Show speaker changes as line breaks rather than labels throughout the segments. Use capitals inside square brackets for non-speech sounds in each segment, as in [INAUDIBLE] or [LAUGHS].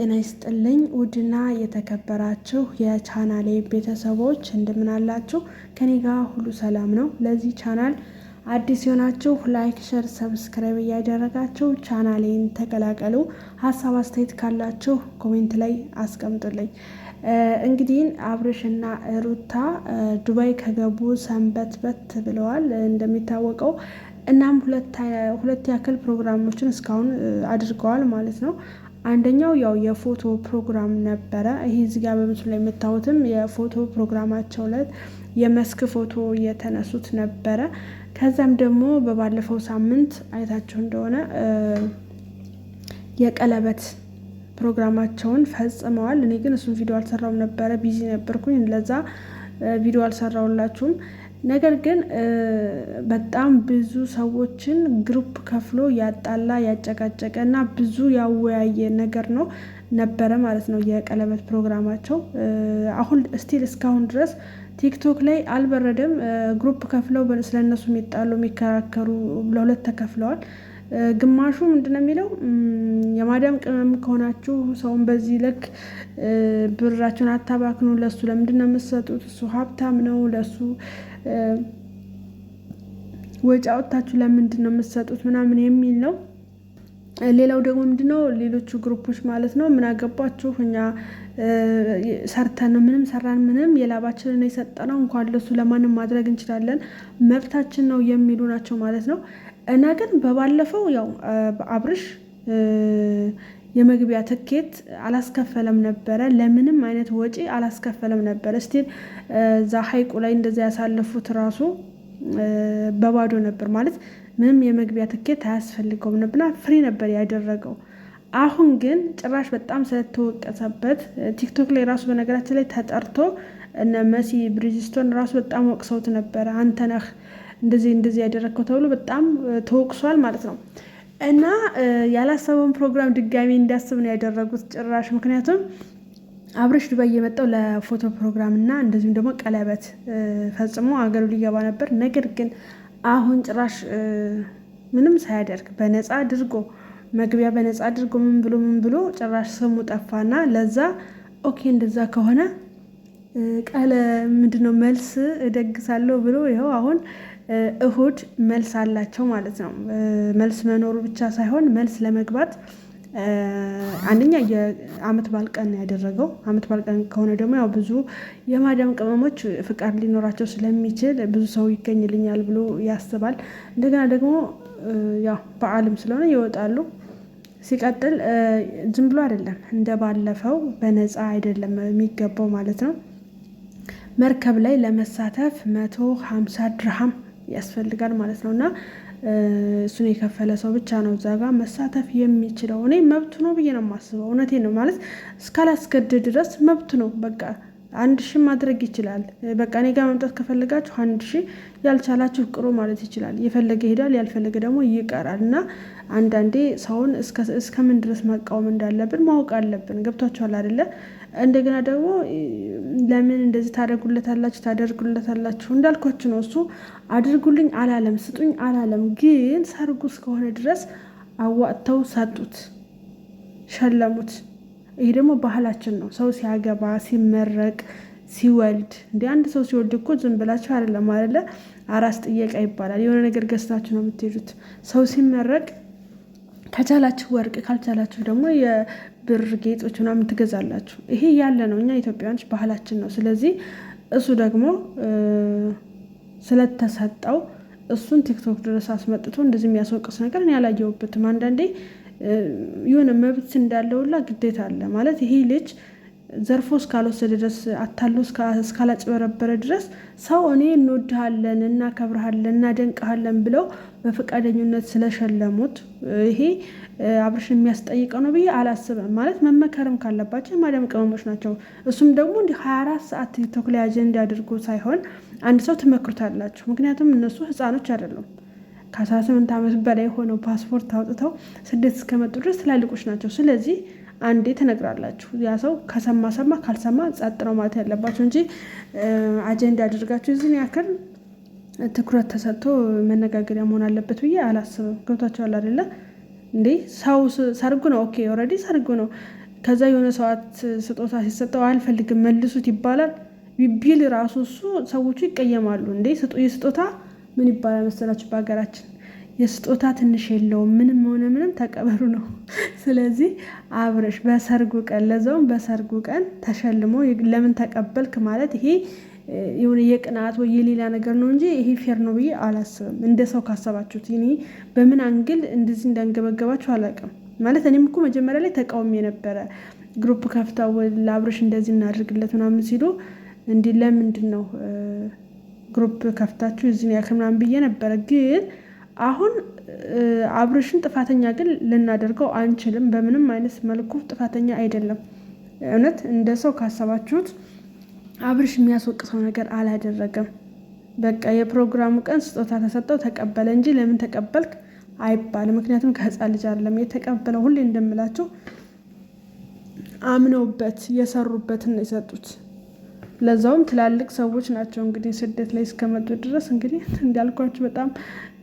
ጤና ይስጥልኝ ውድና የተከበራችሁ የቻናሌ ቤተሰቦች እንደምናላችሁ፣ ከኔ ጋር ሁሉ ሰላም ነው። ለዚህ ቻናል አዲስ የሆናችሁ ላይክ፣ ሸር፣ ሰብስክራይብ እያደረጋችሁ ቻናሌን ተቀላቀሉ። ሀሳብ አስተያየት ካላችሁ ኮሜንት ላይ አስቀምጡልኝ። እንግዲህ አብርሽና ሩታ ዱባይ ከገቡ ሰንበት በት ብለዋል እንደሚታወቀው እናም ሁለት ያክል ፕሮግራሞችን እስካሁን አድርገዋል ማለት ነው። አንደኛው ያው የፎቶ ፕሮግራም ነበረ። ይህ እዚህ ጋር በምስሉ ላይ የምታዩትም የፎቶ ፕሮግራማቸው ዕለት የመስክ ፎቶ የተነሱት ነበረ። ከዛም ደግሞ በባለፈው ሳምንት አይታችሁ እንደሆነ የቀለበት ፕሮግራማቸውን ፈጽመዋል። እኔ ግን እሱን ቪዲዮ አልሰራውም ነበረ፣ ቢዚ ነበርኩኝ። ለዛ ቪዲዮ አልሰራውላችሁም። ነገር ግን በጣም ብዙ ሰዎችን ግሩፕ ከፍሎ ያጣላ ያጨቃጨቀ እና ብዙ ያወያየ ነገር ነው ነበረ ማለት ነው የቀለበት ፕሮግራማቸው። አሁን ስቲል እስካሁን ድረስ ቲክቶክ ላይ አልበረደም። ግሩፕ ከፍለው ስለነሱ የሚጣሉ የሚከራከሩ ለሁለት ተከፍለዋል። ግማሹ ምንድነው የሚለው የማዳም ቅመም ከሆናችሁ ሰውን በዚህ ልክ ብራችሁን አታባክኑ፣ ለሱ ለምንድን ነው የምትሰጡት? እሱ ሀብታም ነው ለሱ ወጪ አውጥታችሁ ለምንድን ነው የምትሰጡት ምናምን የሚል ነው። ሌላው ደግሞ ምንድነው ሌሎቹ ግሩፖች ማለት ነው ምን አገባችሁ እኛ ሰርተን ምንም ሰራን ምንም የላባችንን የሰጠነው እንኳን ለሱ ለማንም ማድረግ እንችላለን መብታችን ነው የሚሉ ናቸው ማለት ነው። እና ግን በባለፈው ያው አብርሽ የመግቢያ ትኬት አላስከፈለም ነበረ። ለምንም አይነት ወጪ አላስከፈለም ነበረ። ስቲል እዛ ሀይቁ ላይ እንደዚ ያሳለፉት ራሱ በባዶ ነበር ማለት ምንም የመግቢያ ትኬት አያስፈልገውም ነበርና ፍሪ ነበር ያደረገው። አሁን ግን ጭራሽ በጣም ስለተወቀሰበት ቲክቶክ ላይ ራሱ በነገራችን ላይ ተጠርቶ እነ መሲ ብሪጅስቶን ራሱ በጣም ወቅሰውት ነበረ። አንተ ነህ እንደዚህ እንደዚህ ያደረግከው ተብሎ በጣም ተወቅሷል ማለት ነው። እና ያላሰበውን ፕሮግራም ድጋሚ እንዳስብ ነው ያደረጉት ጭራሽ። ምክንያቱም አብረሽ ዱባይ የመጣው ለፎቶ ፕሮግራም እና እንደዚሁም ደግሞ ቀለበት ፈጽሞ አገሩ ሊገባ ነበር። ነገር ግን አሁን ጭራሽ ምንም ሳያደርግ በነፃ አድርጎ መግቢያ በነፃ አድርጎ ምን ብሎ ምን ብሎ ጭራሽ ስሙ ጠፋና ለዛ ኦኬ፣ እንደዛ ከሆነ ቀለ ምንድነው መልስ እደግሳለሁ ብሎ ይኸው አሁን እሁድ መልስ አላቸው ማለት ነው። መልስ መኖሩ ብቻ ሳይሆን መልስ ለመግባት አንደኛ የአመት በዓል ቀን ያደረገው አመት በዓል ቀን ከሆነ ደግሞ ያው ብዙ የማዳም ቅመሞች ፍቃድ ሊኖራቸው ስለሚችል ብዙ ሰው ይገኝልኛል ብሎ ያስባል። እንደገና ደግሞ ያው በዓልም ስለሆነ ይወጣሉ። ሲቀጥል ዝም ብሎ አይደለም፣ እንደባለፈው በነፃ አይደለም የሚገባው ማለት ነው። መርከብ ላይ ለመሳተፍ መቶ ሀምሳ ድርሃም ያስፈልጋል ማለት ነው እና እሱን የከፈለ ሰው ብቻ ነው እዛ ጋር መሳተፍ የሚችለው። እኔ መብቱ ነው ብዬ ነው የማስበው። እውነቴ ነው ማለት እስካላስገድ ድረስ መብቱ ነው። በቃ አንድ ሺ ማድረግ ይችላል። በቃ እኔ ጋር መምጣት ከፈለጋችሁ አንድ ሺ ያልቻላችሁ ቅሩ ማለት ይችላል። የፈለገ ይሄዳል፣ ያልፈለገ ደግሞ ይቀራል። እና አንዳንዴ ሰውን እስከምን ድረስ መቃወም እንዳለብን ማወቅ አለብን። ገብቷችኋል አይደለ? እንደገና ደግሞ ለምን እንደዚህ ታደርጉለታላችሁ ታደርጉለታላችሁ? እንዳልኳችሁ ነው። እሱ አድርጉልኝ አላለም፣ ስጡኝ አላለም። ግን ሰርጉ እስከሆነ ድረስ አዋጥተው ሰጡት፣ ሸለሙት። ይህ ደግሞ ባህላችን ነው። ሰው ሲያገባ፣ ሲመረቅ፣ ሲወልድ እንዲህ አንድ ሰው ሲወልድ እኮ ዝም ብላችሁ አይደለም አይደለ? አራስ ጥየቃ ይባላል። የሆነ ነገር ገዝታችሁ ነው የምትሄዱት። ሰው ሲመረቅ ከቻላችሁ ወርቅ ካልቻላችሁ ደግሞ የብር ጌጦች ምናምን ትገዛላችሁ። ይሄ ያለ ነው፣ እኛ ኢትዮጵያውያኖች ባህላችን ነው። ስለዚህ እሱ ደግሞ ስለተሰጠው እሱን ቲክቶክ ድረስ አስመጥቶ እንደዚህ የሚያስወቅስ ነገር እኔ አላየሁበትም። አንዳንዴ የሆነ መብት እንዳለውላ ግዴታ አለ ማለት ይሄ ልጅ ዘርፎ እስካልወሰደ ድረስ አታሎ እስካላጭበረበረ ድረስ ሰው እኔ እንወድሃለን፣ እናከብረሃለን፣ እናደንቀሃለን ብለው በፈቃደኝነት ስለሸለሙት ይሄ አብርሽን የሚያስጠይቀው ነው ብዬ አላስብም። ማለት መመከርም ካለባቸው ማዳም ቅመሞች ናቸው። እሱም ደግሞ እንዲህ 24 ሰዓት ቲክቶክ ላይ አጀንዳ አድርጎ ሳይሆን አንድ ሰው ትመክሩታላችሁ። ምክንያቱም እነሱ ህፃኖች አይደሉም። ከ18 ዓመት በላይ ሆነው ፓስፖርት አውጥተው ስደት እስከመጡ ድረስ ትላልቆች ናቸው። ስለዚህ አንዴ ትነግራላችሁ። ያ ሰው ከሰማ ሰማ፣ ካልሰማ ጸጥ ነው ማለት ያለባቸው እንጂ አጀንዳ አድርጋችሁ እዚህን ያክል ትኩረት ተሰጥቶ መነጋገሪያ መሆን አለበት ብዬ አላስብም። ገብቷቸዋል አይደለ እንዴ? ሰው ሰርጉ ነው ኦኬ፣ ኦልሬዲ ሰርጉ ነው። ከዛ የሆነ ሰዋት ስጦታ ሲሰጠው አልፈልግም መልሱት ይባላል ቢል ራሱ እሱ ሰዎቹ ይቀየማሉ እንዴ ስጦታ ምን ይባላል መሰላችሁ በሀገራችን የስጦታ ትንሽ የለውም። ምንም ሆነ ምንም ተቀበሩ ነው። [LAUGHS] ስለዚህ አብረሽ በሰርጉ ቀን ለዛውም በሰርጉ ቀን ተሸልሞ ለምን ተቀበልክ ማለት ይሄ የሆነ የቅናት ወይ የሌላ ነገር ነው እንጂ ይሄ ፌር ነው ብዬ አላስብም። እንደ ሰው ካሰባችሁት እኔ በምን አንግል እንደዚህ እንዳንገበገባችሁ አላውቅም። ማለት እኔም እኮ መጀመሪያ ላይ ተቃውሚ የነበረ ግሩፕ ከፍታ ለአብረሽ እንደዚህ እናድርግለት ምናምን ሲሉ እንዲህ ለምንድን ነው ግሩፕ ከፍታችሁ እዚህ ያክል ምናምን ብዬ ነበረ። ግን አሁን አብርሽን ጥፋተኛ ግን ልናደርገው አንችልም። በምንም አይነት መልኩ ጥፋተኛ አይደለም። እውነት እንደ ሰው ካሰባችሁት አብርሽ የሚያስወቅሰው ነገር አላደረገም። በቃ የፕሮግራሙ ቀን ስጦታ ተሰጠው ተቀበለ እንጂ ለምን ተቀበልክ አይባልም። ምክንያቱም ከህፃን ልጅ አይደለም የተቀበለው። ሁሌ እንደምላቸው አምነውበት የሰሩበትን ነው የሰጡት። ለዛውም ትላልቅ ሰዎች ናቸው እንግዲህ ስደት ላይ እስከመጡ ድረስ እንግዲህ [LAUGHS] እንዳልኳቸው በጣም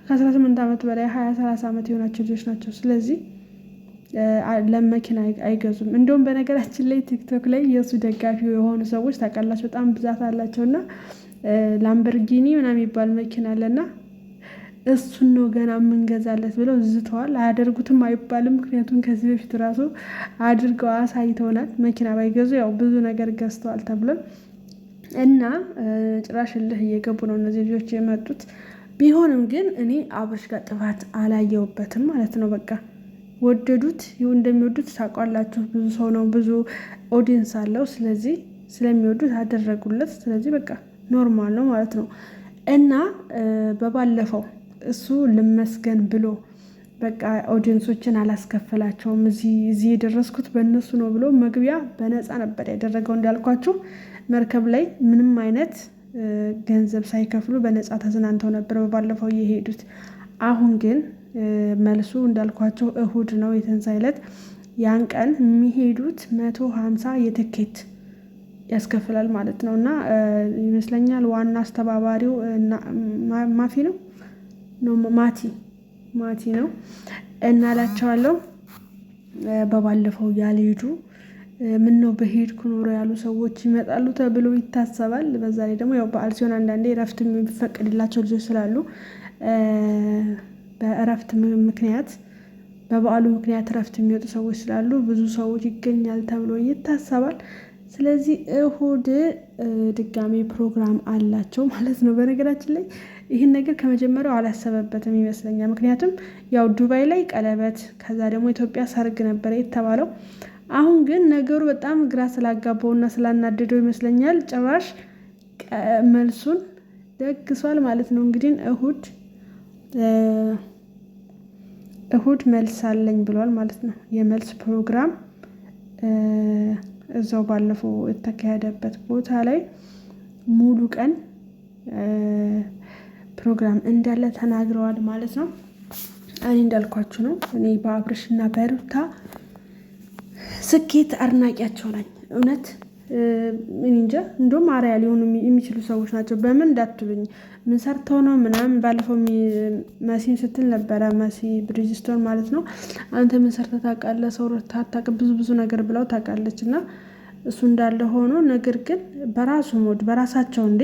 ከአስራ ስምንት ዓመት በላይ ሀያ ሰላሳ ዓመት የሆናቸው ልጆች ናቸው። ስለዚህ ለመኪና አይገዙም። እንዲሁም በነገራችን ላይ ቲክቶክ ላይ የእሱ ደጋፊ የሆኑ ሰዎች ታውቃላችሁ፣ በጣም ብዛት አላቸው እና ላምበርጊኒ ምናምን የሚባል መኪና አለና እሱን ነው ገና የምንገዛለት ብለው ዝተዋል። አያደርጉትም አይባልም። ምክንያቱም ከዚህ በፊት ራሱ አድርገው አሳይተውናል። መኪና ባይገዙ ያው ብዙ ነገር ገዝተዋል ተብሏል። እና ጭራሽ እልህ እየገቡ ነው እነዚህ ልጆች የመጡት። ቢሆንም ግን እኔ አብርሽ ጋር ጥፋት አላየውበትም ማለት ነው። በቃ ወደዱት ይሁን እንደሚወዱት ታውቃላችሁ። ብዙ ሰው ነው፣ ብዙ ኦዲየንስ አለው። ስለዚህ ስለሚወዱት አደረጉለት። ስለዚህ በቃ ኖርማል ነው ማለት ነው። እና በባለፈው እሱ ልመስገን ብሎ በቃ ኦዲየንሶችን አላስከፈላቸውም እዚህ የደረስኩት በእነሱ ነው ብሎ መግቢያ በነፃ ነበር ያደረገው እንዳልኳችሁ መርከብ ላይ ምንም አይነት ገንዘብ ሳይከፍሉ በነፃ ተዝናንተው ነበር ባለፈው የሄዱት። አሁን ግን መልሱ እንዳልኳቸው እሁድ ነው የትንሣኤ ዕለት። ያን ቀን የሚሄዱት መቶ ሀምሳ የትኬት ያስከፍላል ማለት ነው እና ይመስለኛል ዋና አስተባባሪው ማፊ ነው ማቲ ማቲ ነው እናላቸዋለሁ በባለፈው ያልሄዱ ምን ነው በሄድኩ ኖሮ ያሉ ሰዎች ይመጣሉ ተብሎ ይታሰባል። በዛ ላይ ደግሞ ያው በዓል ሲሆን አንዳንዴ እረፍት የሚፈቀድላቸው ልጆች ስላሉ በእረፍት ምክንያት በበዓሉ ምክንያት እረፍት የሚወጡ ሰዎች ስላሉ ብዙ ሰዎች ይገኛል ተብሎ ይታሰባል። ስለዚህ እሁድ ድጋሚ ፕሮግራም አላቸው ማለት ነው። በነገራችን ላይ ይህን ነገር ከመጀመሪያው አላሰበበትም ይመስለኛል። ምክንያቱም ያው ዱባይ ላይ ቀለበት፣ ከዛ ደግሞ ኢትዮጵያ ሰርግ ነበረ የተባለው አሁን ግን ነገሩ በጣም ግራ ስላጋባውና ስላናደደው ይመስለኛል ጭራሽ መልሱን ደግሷል ማለት ነው። እንግዲህ እሁድ እሁድ መልስ አለኝ ብሏል ማለት ነው። የመልስ ፕሮግራም እዛው ባለፈው የተካሄደበት ቦታ ላይ ሙሉ ቀን ፕሮግራም እንዳለ ተናግረዋል ማለት ነው። እኔ እንዳልኳችሁ ነው። እኔ በአብርሽ እና በሩታ ስኬት አድናቂያቸው ነኝ። እውነት እንጃ እንደውም አርያ ሊሆኑ የሚችሉ ሰዎች ናቸው። በምን እንዳትሉኝ ምን ሰርተው ነው ምናምን። ባለፈው መሲን ስትል ነበረ፣ መሲ ብሪጅስቶን ማለት ነው። አንተ ምን ሰርተህ ታውቃለህ? ሰው ታታቅ ብዙ ብዙ ነገር ብለው ታውቃለች እና እሱ እንዳለ ሆኖ ነገር ግን በራሱ ሞድ በራሳቸው እንዴ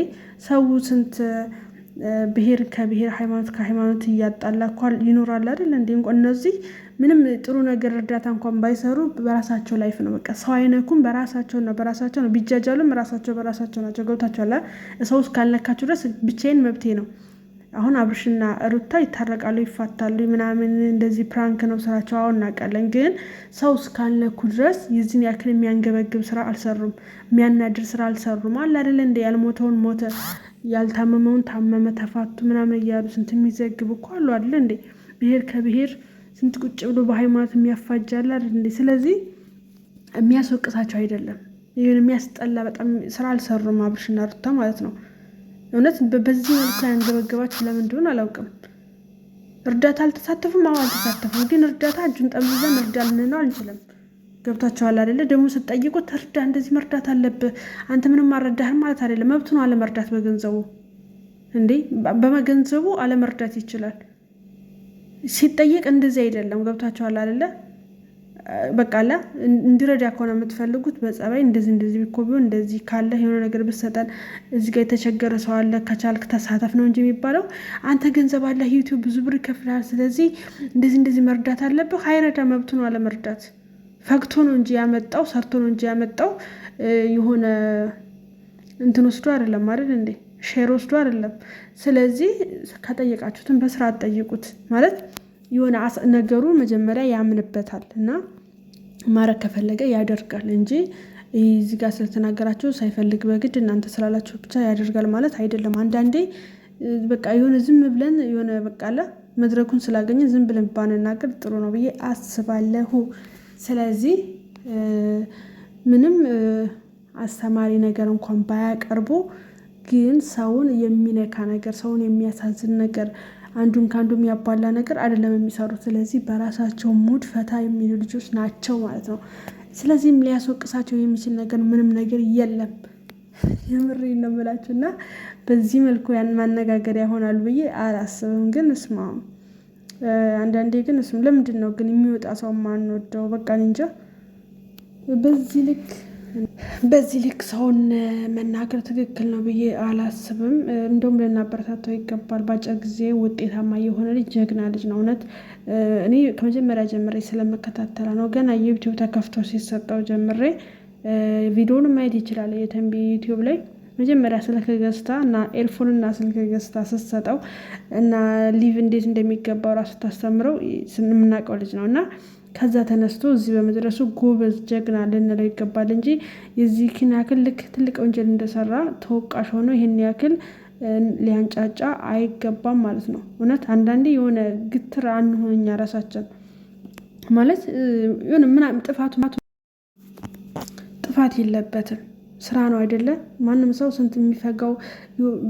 ሰው ስንት ብሄር ከብሄር ሃይማኖት ከሃይማኖት እያጣላ ይኖራል አይደል እንዴ እነዚህ ምንም ጥሩ ነገር እርዳታ እንኳን ባይሰሩ በራሳቸው ላይፍ ነው። በቃ ሰው አይነኩም። ነው በራሳቸው ነው። ቢጃጃሉም ራሳቸው በራሳቸው ናቸው። ገብታችኋል። ሰው እስካልነካቸው ድረስ ብቻዬን መብቴ ነው። አሁን አብርሽና ሩታ ይታረቃሉ፣ ይፋታሉ፣ ምናምን እንደዚህ ፕራንክ ነው ስራቸው። አሁን እናውቃለን፣ ግን ሰው እስካልነኩ ድረስ የዚህን ያክል የሚያንገበግብ ስራ አልሰሩም፣ የሚያናድር ስራ አልሰሩም። አለ አደለ እንደ ያልሞተውን ሞተ፣ ያልታመመውን ታመመ፣ ተፋቱ ምናምን እያሉ ስንት የሚዘግብ እኮ አሉ አደለ እንዴ ብሄር ከብሄር ስንት ቁጭ ብሎ በሃይማኖት የሚያፋጃል እንዴ? ስለዚህ የሚያስወቅሳቸው አይደለም። ይህን የሚያስጠላ በጣም ስራ አልሰሩም አብርሽና ሩታ ማለት ነው። እውነት በዚህ መልኩ ያንገበገባቸው ለምን እንደሆነ አላውቅም። እርዳታ አልተሳተፉም። አዎ አልተሳተፉም፣ ግን እርዳታ እጁን ጠምዘን እርዳ ልንለው አንችልም። ገብታችኋል አደለ? ደግሞ ስትጠይቁት እርዳ፣ እንደዚህ መርዳት አለብህ አንተ ምንም አልረዳህም ማለት አደለ። መብቱ ነው አለመርዳት። በገንዘቡ እንዴ በመገንዘቡ አለመርዳት ይችላል። ሲጠየቅ እንደዚህ አይደለም። ገብታችኋል በቃ በቃላ እንዲረዳ ከሆነ የምትፈልጉት በጸባይ እንደዚህ እንደዚህ እኮ ቢሆን እንደዚህ ካለ የሆነ ነገር ብሰጠን እዚህ ጋር የተቸገረ ሰው አለ፣ ከቻልክ ተሳተፍ ነው እንጂ የሚባለው። አንተ ገንዘብ አለ፣ ዩቲዩብ ብዙ ብር ይከፍላል፣ ስለዚህ እንደዚህ እንደዚህ መርዳት አለብህ። አይረዳ መብቱ ነው አለመርዳት። ፈግቶ ነው እንጂ ያመጣው ሰርቶ ነው እንጂ ያመጣው የሆነ እንትን ወስዶ አይደለም አይደል እንዴ? ሼር ወስዶ አይደለም። ስለዚህ ከጠየቃችሁትን በስርዓት ጠይቁት ማለት የሆነ ነገሩ መጀመሪያ ያምንበታል እና ማድረግ ከፈለገ ያደርጋል እንጂ እዚህ ጋር ስለተናገራችሁ ሳይፈልግ በግድ እናንተ ስላላችሁ ብቻ ያደርጋል ማለት አይደለም። አንዳንዴ በቃ የሆነ ዝም ብለን የሆነ በቃለ መድረኩን ስላገኘ ዝም ብለን ባንናገር ጥሩ ነው ብዬ አስባለሁ። ስለዚህ ምንም አስተማሪ ነገር እንኳን ባያቀርቡ ግን ሰውን የሚነካ ነገር ሰውን የሚያሳዝን ነገር አንዱን ከአንዱ የሚያባላ ነገር አይደለም የሚሰሩት። ስለዚህ በራሳቸው ሙድ ፈታ የሚሉ ልጆች ናቸው ማለት ነው። ስለዚህም ሊያስወቅሳቸው የሚችል ነገር ምንም ነገር የለም። የምሬ ነው የምላችሁ እና በዚህ መልኩ ያን ማነጋገሪያ ይሆናሉ ብዬ አላስብም። ግን እስማ አንዳንዴ ግን እሱም ለምንድን ነው ግን የሚወጣ ሰው ማንወደው? በቃ እንጃ በዚህ ልክ በዚህ ልክ ሰውን መናገር ትክክል ነው ብዬ አላስብም። እንደውም ልናበረታታው ይገባል። በአጭር ጊዜ ውጤታማ የሆነ ልጅ ጀግና ልጅ ነው። እውነት እኔ ከመጀመሪያ ጀምሬ ስለመከታተላ ነው። ገና የዩቲዩብ ተከፍቶ ሲሰጠው ጀምሬ ቪዲዮን ማየት ይችላል። የተንቢ ዩቲዩብ ላይ መጀመሪያ ስልክ ገዝታ እና ኤልፎን እና ስልክ ገዝታ ስትሰጠው እና ሊቭ እንዴት እንደሚገባው ራሱ ታስተምረው የምናውቀው ልጅ ነው እና ከዛ ተነስቶ እዚህ በመድረሱ ጎበዝ ጀግና ልንለው ይገባል እንጂ የዚህ ያክል ልክ ትልቅ ወንጀል እንደሰራ ተወቃሽ ሆኖ ይህን ያክል ሊያንጫጫ አይገባም ማለት ነው። እውነት አንዳንዴ የሆነ ግትር አንሆኛ ራሳችን ማለት የሆነ ምን ጥፋቱ ጥፋት የለበትም። ስራ ነው አይደለ? ማንም ሰው ስንት የሚፈጋው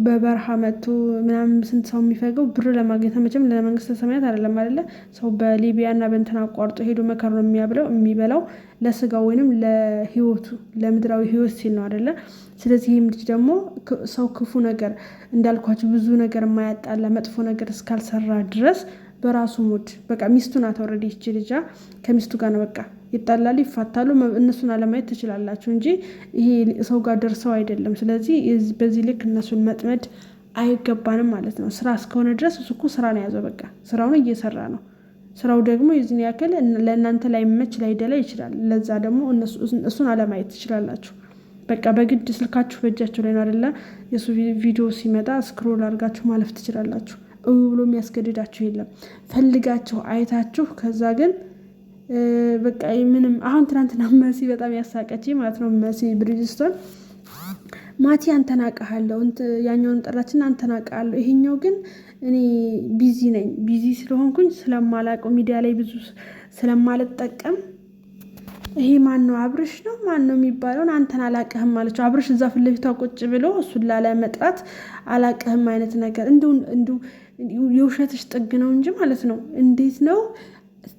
በበረሃ መጥቶ ምናምን ስንት ሰው የሚፈገው ብር ለማግኘት መቼም ለመንግስተ ሰማያት አይደለም አይደለ? ሰው በሊቢያ እና በእንትን አቋርጦ ሄዶ መከር ነው የሚያብለው የሚበላው ለስጋው ወይንም ለህይወቱ ለምድራዊ ህይወት ሲል ነው አይደለ? ስለዚህ ይህም ልጅ ደግሞ ሰው ክፉ ነገር እንዳልኳቸው ብዙ ነገር የማያጣላ መጥፎ ነገር እስካልሰራ ድረስ በራሱ ሙድ በቃ ሚስቱ ናት። ወረድ ይች ልጃ ከሚስቱ ጋር ነው በቃ ይጣላሉ፣ ይፋታሉ። እነሱን አለማየት ትችላላችሁ እንጂ ይሄ ሰው ጋር ደርሰው አይደለም። ስለዚህ በዚህ ልክ እነሱን መጥመድ አይገባንም ማለት ነው። ስራ እስከሆነ ድረስ እሱ እኮ ስራ ነው የያዘው። በቃ ስራውን እየሰራ ነው። ስራው ደግሞ የዚህን ያክል ለእናንተ ላይመች ላይደላ ይችላል። ለዛ ደግሞ እሱን አለማየት ትችላላችሁ። በቃ በግድ ስልካችሁ በእጃቸው ላይ ነው አደለ? የእሱ ቪዲዮ ሲመጣ ስክሮል አድርጋችሁ ማለፍ ትችላላችሁ። እው ብሎ የሚያስገድዳችሁ የለም። ፈልጋችሁ አይታችሁ ከዛ ግን በቃ ምንም አሁን ትናንትና መሲ በጣም ያሳቀች ማለት ነው። መሲ ብሪጅስቶን ማቲ አንተናቀሃለሁ ያኛውን ጠራችን አንተናቀሃለሁ። ይሄኛው ግን እኔ ቢዚ ነኝ ቢዚ ስለሆንኩኝ ስለማላቀው ሚዲያ ላይ ብዙ ስለማልጠቀም ይሄ ማን ነው አብርሽ ነው ማን ነው የሚባለውን አንተን አላቀህም አለችው። አብርሽ እዛ ፊት ለፊቷ ቁጭ ብሎ እሱን ላለመጥራት አላቀህም አይነት ነገር እንዲሁ የውሸትሽ ጥግ ነው እንጂ ማለት ነው እንዴት ነው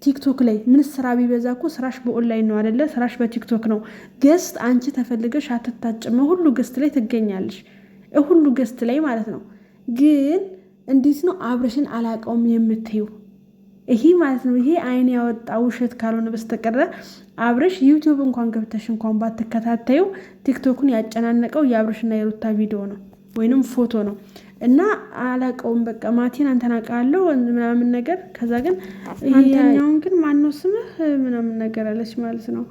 ቲክቶክ ላይ ምን ስራ ቢበዛ እኮ ስራሽ በኦንላይን ነው አደለ? ስራሽ በቲክቶክ ነው። ገስት አንቺ ተፈልገሽ አትታጭመ ሁሉ ገስት ላይ ትገኛለሽ፣ ሁሉ ገስት ላይ ማለት ነው። ግን እንዴት ነው አብረሽን አላቀውም የምትዩ? ይሄ ማለት ነው ይሄ አይን ያወጣ ውሸት ካልሆነ በስተቀረ አብረሽ ዩቲዩብ እንኳን ገብተሽ እንኳን ባትከታተዩ ቲክቶኩን ያጨናነቀው የአብረሽና የሩታ ቪዲዮ ነው ወይንም ፎቶ ነው። እና አላቀውም በቃ ማቲን አንተን አውቃለሁ ምናምን ነገር። ከዛ ግን አንተኛውን ግን ማነው ስምህ ምናምን ነገር አለች ማለት ነው።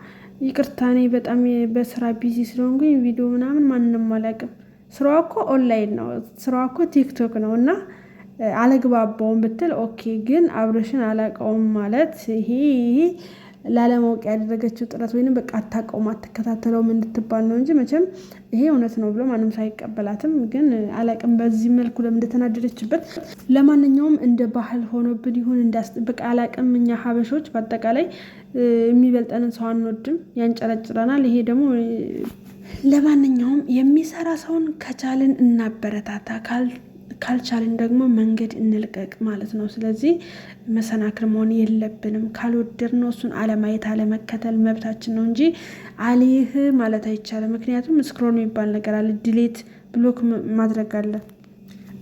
ይቅርታ እኔ በጣም በስራ ቢዚ ስለሆንኩኝ ቪዲዮ ምናምን ማንም አላውቅም። ስራዋ እኮ ኦንላይን ነው፣ ስራዋ እኮ ቲክቶክ ነው እና አለግባባውን ብትል ኦኬ። ግን አብረሽን አላቀውም ማለት ይሄ ላለማወቅ ያደረገችው ጥረት ወይም በቃ አታውቀውም አትከታተለውም እንድትባል ነው እንጂ መቼም ይሄ እውነት ነው ብሎ ማንም ሳይቀበላትም፣ ግን አላቅም በዚህ መልኩ ለምን እንደተናደደችበት። ለማንኛውም እንደ ባህል ሆኖብን ይሁን እንዳስጠብቅ አላቅም። እኛ ሀበሾች በአጠቃላይ የሚበልጠንን ሰው አንወድም፣ ያንጨረጭረናል። ይሄ ደግሞ ለማንኛውም የሚሰራ ሰውን ከቻልን እናበረታታ ካል ካልቻልን ደግሞ መንገድ እንልቀቅ ማለት ነው። ስለዚህ መሰናክል መሆን የለብንም። ካልወደር ነው እሱን አለማየት አለመከተል መብታችን ነው እንጂ አልይህ ማለት አይቻልም። ምክንያቱም ስክሮል የሚባል ነገር አለ፣ ዲሌት ብሎክ ማድረግ አለ።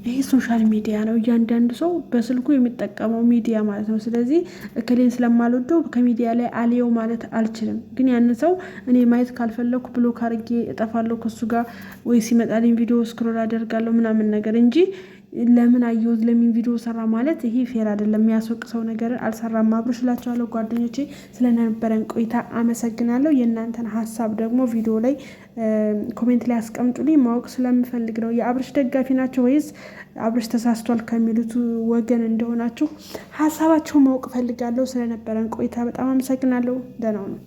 ይሄ ሶሻል ሚዲያ ነው። እያንዳንዱ ሰው በስልኩ የሚጠቀመው ሚዲያ ማለት ነው። ስለዚህ እክሌን ስለማልወደው ከሚዲያ ላይ አልየው ማለት አልችልም። ግን ያን ሰው እኔ ማየት ካልፈለኩ ብሎ ካርጌ እጠፋለሁ ከሱ ጋር ወይ ሲመጣልኝ ቪዲዮ ስክሮል አደርጋለሁ ምናምን ነገር እንጂ ለምን አየሁት ለሚን ቪዲዮ ሰራ ማለት ይሄ ፌር አይደለም። የሚያስወቅ ሰው ነገር አልሰራም። አብሮሽ እላቸዋለሁ ጓደኞቼ፣ ስለነበረን ቆይታ አመሰግናለሁ። የእናንተን ሀሳብ ደግሞ ቪዲዮ ላይ ኮሜንት ላይ አስቀምጡልኝ፣ ማወቅ ስለምፈልግ ነው። የአብርሽ ደጋፊ ናቸው ወይስ አብርሽ ተሳስቷል ከሚሉት ወገን እንደሆናችሁ ሀሳባቸው ማወቅ ፈልጋለሁ። ስለነበረን ቆይታ በጣም አመሰግናለሁ። ደህና ነው።